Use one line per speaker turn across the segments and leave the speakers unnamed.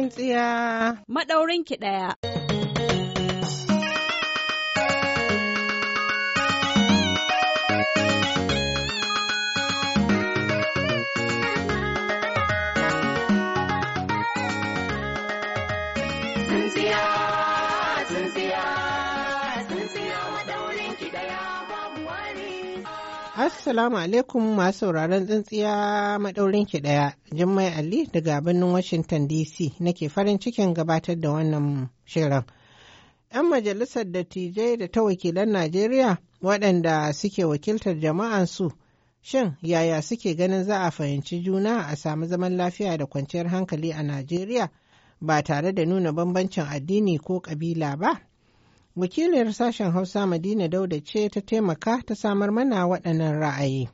Ɗan tsiya. Maɗaurin ki ɗaya. Tsintsiya, tsintsiya. Assalamu alaikum masu sauraron tsintsiya maɗaurin ki ɗaya, Jummai Ali daga birnin Washington DC nake farin cikin gabatar da wannan shirin. 'Yan majalisar da dattijai da ta wakilan Najeriya waɗanda suke wakiltar jama'ansu shin yaya suke ganin za a fahimci juna a samu zaman lafiya da kwanciyar hankali a Najeriya ba tare da nuna bambancin addini ko ƙabila ba? Wakiliyar sashen Hausa Madina Dauda ce ta taimaka ta samar mana waɗannan ra'ayi.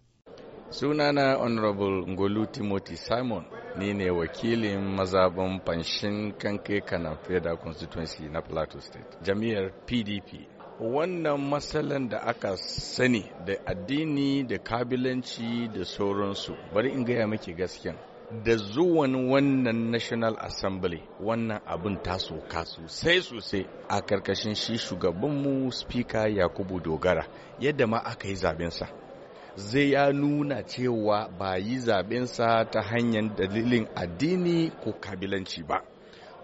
Sunana Honorable Ngolu Timothy Simon ni ne wakilin mazaban fanshin kankai kanan Feda Constituency na Plateau State, jami'ar PDP. Wannan matsalan da aka sani da addini da kabilanci da sauransu, bari in gaya maki gaskiya. da zuwan wannan national assembly wannan abin ta soka sosai sosai a karkashin shi shugabanmu speaker yakubu dogara yadda ma aka yi zabensa zai ya nuna cewa ba yi zabensa ta hanyar dalilin addini ko kabilanci ba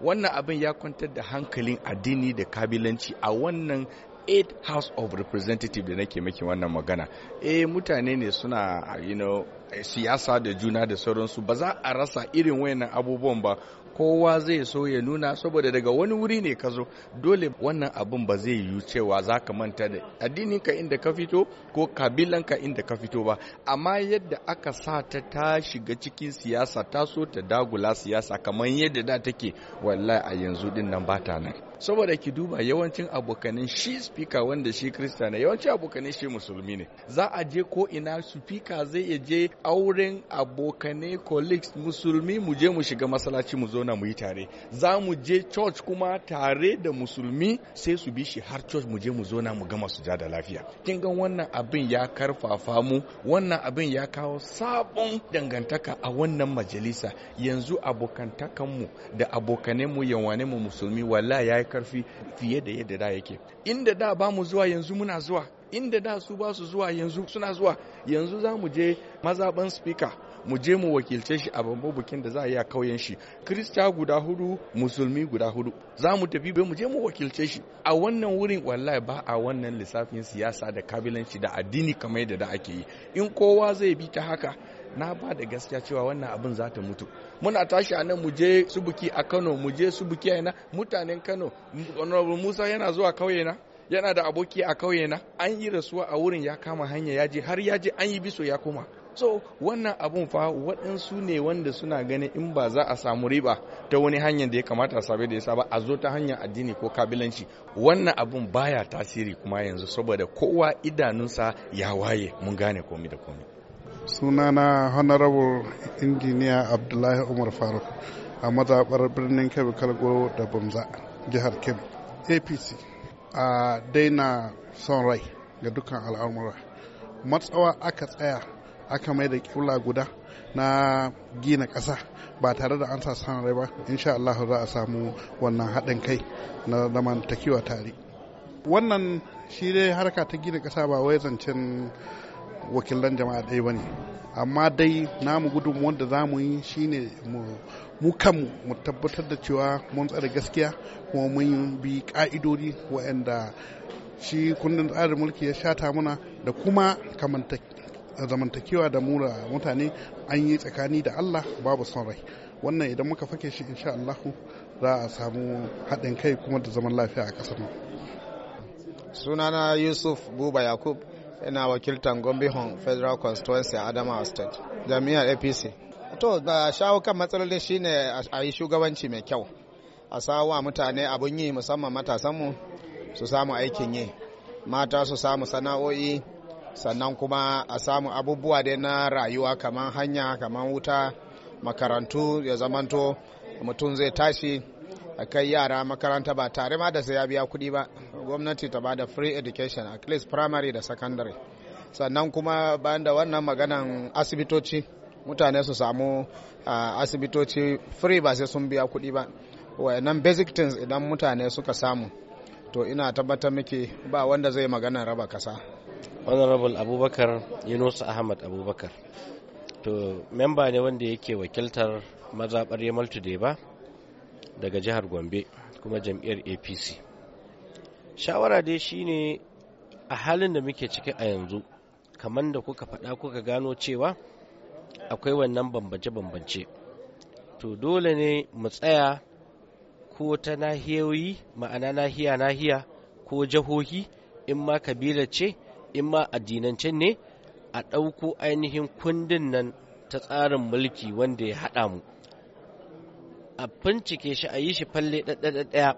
wannan abin ya kwantar da hankalin addini da kabilanci a wannan 8 house of representative da nake maki wannan magana eh mutane ne suna you know siyasa da juna da sauransu ba za a rasa irin wayannan abubuwan ba kowa zai so ya nuna saboda daga wani wuri ne ka zo dole wannan abin ba zai yiwu cewa za ka manta da addininka inda ka fito ko kabilanka inda ka fito ba amma yadda aka sa ta ta shiga cikin siyasa ta so ta dagula siyasa kamar yadda da take wallahi a yanzu din nan ba ta nan saboda ki duba yawancin abokanin shi spika wanda shi krista ne yawancin abokanin shi musulmi ne za a je ko ina spika zai je auren abokanai colleagues musulmi mu je mu shiga masallaci mu zo na. zauna mu yi tare za mu je church kuma tare da musulmi sai su bi shi har church mu je mu zauna mu gama da lafiya kin ga wannan abin ya karfafa mu wannan abin ya kawo sabon dangantaka a wannan majalisa yanzu abokantakanmu da abokanenmu mu musulmi walla ya yi karfi fiye da yadda da yake inda da ba mu zuwa yanzu muna zuwa inda da su ba su zuwa yanzu suna zuwa yanzu za mu je mazaban speaker mu je mu wakilce shi a babban bikin da za a yi a kauyen shi Kirista guda hudu musulmi guda hudu za mu tafi bai mu je mu wakilce shi a wannan wurin wallahi ba a wannan lissafin siyasa da kabilanci da addini kamar yadda da ake yi in kowa zai bi ta haka na ba da gaskiya cewa wannan abin za ta mutu muna tashi a nan mu je subuki a kano mu je subuki a yana mutanen kano honorable musa yana zuwa kauye na yana da aboki a kauye na an yi rasuwa a wurin ya kama hanya ya je har ya je an yi biso ya koma so wannan abun fa waɗansu ne wanda suna ganin in ba za a samu riba ta wani hanyar da ya kamata a sabe da ya saba a zo ta hanyar addini ko kabilanci wannan abun baya tasiri kuma yanzu saboda kowa idanunsa ya waye mun gane komi da komi
sunana honorable engineer abdullahi umar faruk a mazaɓar birnin kebbi kalgo da bamza jihar kebbi apc a daina son rai ga dukkan al'amura matsawa aka tsaya aka mai da kula guda na gina ƙasa ba tare da an sa sanarai rai ba insha Allah za a samu wannan haɗin kai na zamantakewa tare wannan shi dai harka ta gina ƙasa ba wai zancen wakilan jama'a ɗaya ba ne amma dai namu gudun wanda za mu yi shine mu kan mu tabbatar da cewa mun tsare gaskiya kuma mun bi ka'idodi waɗanda shi kundin tsarin mulki ya shata mana da kuma zamantakewa da mura mutane an yi tsakani da Allah babu son rai wannan idan muka fake shi insha Allahu za a samu haɗin kai kuma da zaman lafiya a ƙasar
sunana Yusuf Buba Yakub ina wakiltar Gombe Hon Federal Constituency Adamawa State jami'ar APC to da shawo kan matsalolin shine a yi shugabanci mai kyau a sawa mutane abun yi musamman matasanmu su samu aikin yi mata su samu sana'o'i sannan kuma a samu abubuwa dai na rayuwa kamar hanya kamar wuta makarantu ya zamanto mutum zai tashi a kai yara makaranta ba tare ma da sai ya biya kuɗi ba gwamnati ta bada da free education at least primary da secondary sannan kuma bayan da wannan maganan asibitoci mutane su samu asibitoci free ba sai sun biya kuɗi ba wayannan basic things idan mutane suka samu to ina tabbatar miki ba wanda zai magana raba kasa
honorable abubakar yunus ahmad abubakar to memba ne wanda yake wakiltar mazaɓar yamal ba daga jihar gombe kuma jam'iyyar apc shawara dai shine a halin da muke ciki a yanzu kamar da kuka faɗa kuka gano cewa akwai wannan bambance-bambance to dole ne mu tsaya ko ta nahiyoyi ma'ana nahiya-nahiya ko jahohi in ma kabila ce in ma addinancen ne a ɗauko ainihin kundin nan ta tsarin mulki wanda ya haɗa mu a bincike shi a yi shi falle ɗaya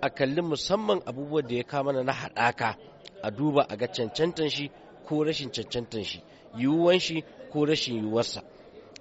a kalli musamman abubuwan da ya kama na haɗaka a duba a ga cancantan shi ko rashin cancantan shi yiwuwan shi ko rashin yiwuwarsa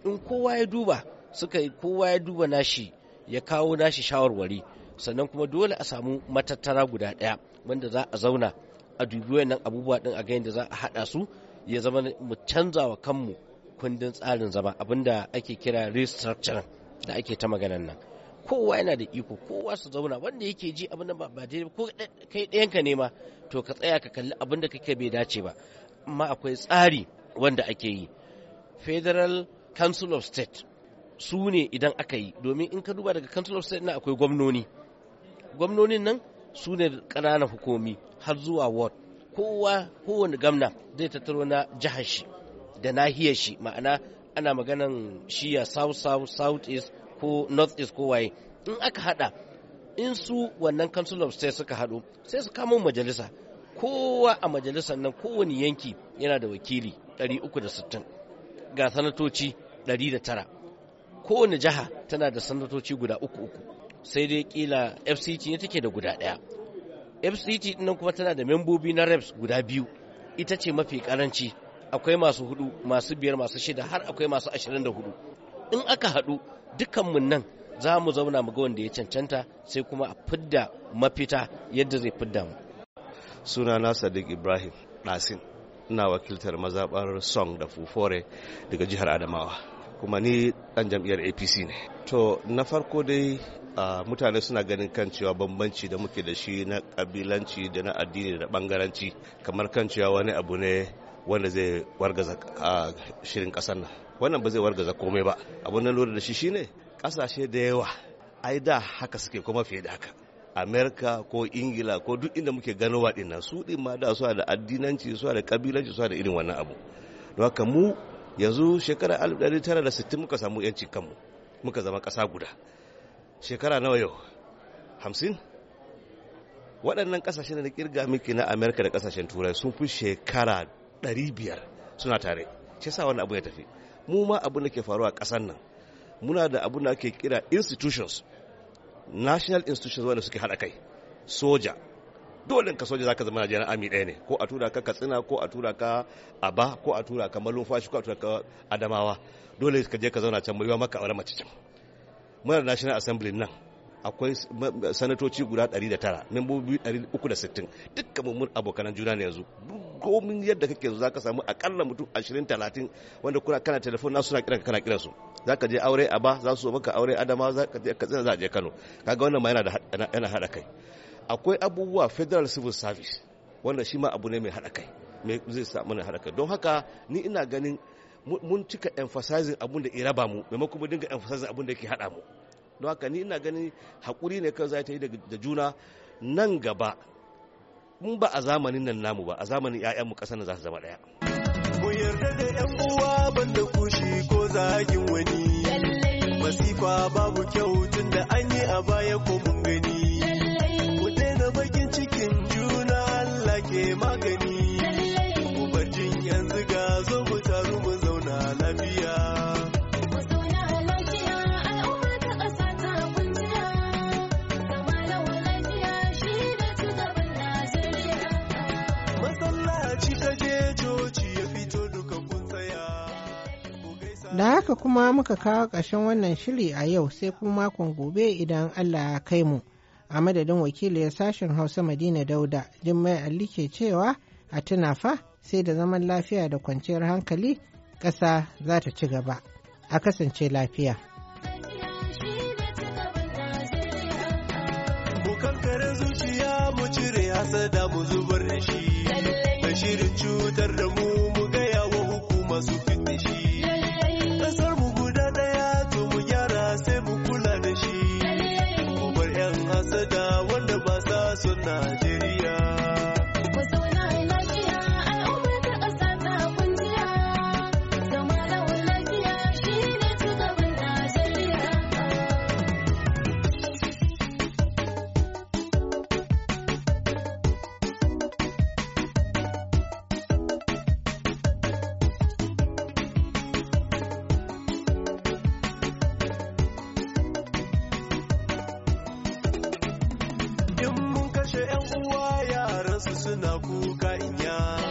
in kowa ya duba suka yi kowa ya duba nashi ya kawo nashi shawarwari sannan kuma dole a samu matattara guda ɗaya wanda za a zauna a dubi wannan abubuwa din a ga yadda za a haɗa su ya zama mu canza wa kanmu kundin tsarin zama abinda ake kira restructuring da ake ta maganar nan kowa yana da iko kowa su zauna wanda yake ji abin da ba ko kai ka ne ma to ka tsaya ka kalli abin da kake bai dace ba amma akwai tsari wanda ake yi federal council of state su ne idan aka yi domin in ka duba daga council of state na akwai gwamnoni gwamnonin nan su ne ƙananan hukumi har zuwa ward kowa kowane gamna zai tattaro na jihar shi da nahiyar shi ma'ana ana maganan shiya south south south east ko north east ko waye in aka hada in su wannan council of state suka hadu sai su kamo majalisa kowa a majalisar nan kowane yanki yana da wakili 360 ga sanatoci 109 kowane jiha tana da sanatoci guda uku uku sai dai kila fct ne take da guda daya fct dinnan kuma tana da membobi na reps guda biyu ita ce mafi karanci akwai masu hudu masu biyar masu shida har akwai masu ashirin da hudu in aka haɗu dukkanmu nan za mu zauna mu ga wanda ya cancanta sai kuma a fidda mafita yadda zai fidda mu sunana sadiq ibrahim ɗasin ina wakiltar
mazaɓar song da fufore daga jihar adamawa kuma ni ɗan jam'iyyar apc ne To na farko dai mutane suna ganin kan cewa bambanci da muke da shi na kabilanci da na addini da bangaranci kamar kan cewa wani abu ne wanda zai wargaza shirin kasar nan wannan ba zai wargaza komai ba abun na lura da shi shine kasashe da yawa ai da haka suke kuma fiye da haka amerika ko ingila ko duk inda muke gano din nan su din ma da su da addinanci su da kabilanci su da irin wannan abu don haka mu yanzu shekarar 1960 muka samu yancin kanmu muka zama ƙasa guda shekara nawa yau hamsin waɗannan ƙasashen da na ƙirga miki na amerika da ƙasashen turai sun fi shekara ɗari biyar suna tare shi sa wani abu ya tafi mu ma abin da ke faruwa a ƙasar nan muna da abin da ake kira institutions national institutions wanda suke haɗa kai soja dole ka soja zaka zama Najeriya ami ɗaya ne ko a tura ka Katsina ko a tura ka Aba ko a tura ka Malumfashi ko a tura ka Adamawa dole ka je ka zauna can mai maka aure mace can muna da National Assembly nan akwai sanatoci guda 109 membobi 360 dukkan mu abokanan juna ne yanzu komin yadda kake yanzu zaka samu akalla mutum 20 30 wanda kuna kana telefon nasu suna kiranka kana kiransu zaka je aure a ba za su maka aure adama za ka je katsina za je Kano kaga wannan ma yana da yana hada kai akwai abubuwa federal civil service wanda shi ma abu ne mai haɗa kai zai sa na haɗa kai don haka ni ina ganin mun cika emphasizing abun da iraba mu maimakon mu dinga emphasizing abun da ke haɗa mu don haka ni ina ganin haƙuri ne kan zai ta yi da juna nan gaba mun ba a zamanin nan namu ba a zamanin 'ya'yanmu ƙasar nan za su zama ɗaya. Ku yarda da 'yan uwa banda kushi ko zagin wani. Masifa babu kyau tun da an yi a baya ko mun gani.
Da haka kuma muka kawo ƙarshen wannan shiri a yau sai kuma makon gobe idan Allah ya kai mu. A madadin wakili ya sashen Hausa Madina Dauda, jimmai Ali ke cewa a tuna fa sai da zaman lafiya da kwanciyar hankali ƙasa za ta ci gaba. A kasance lafiya.
zuciya da mu Nigeria. na kuka inya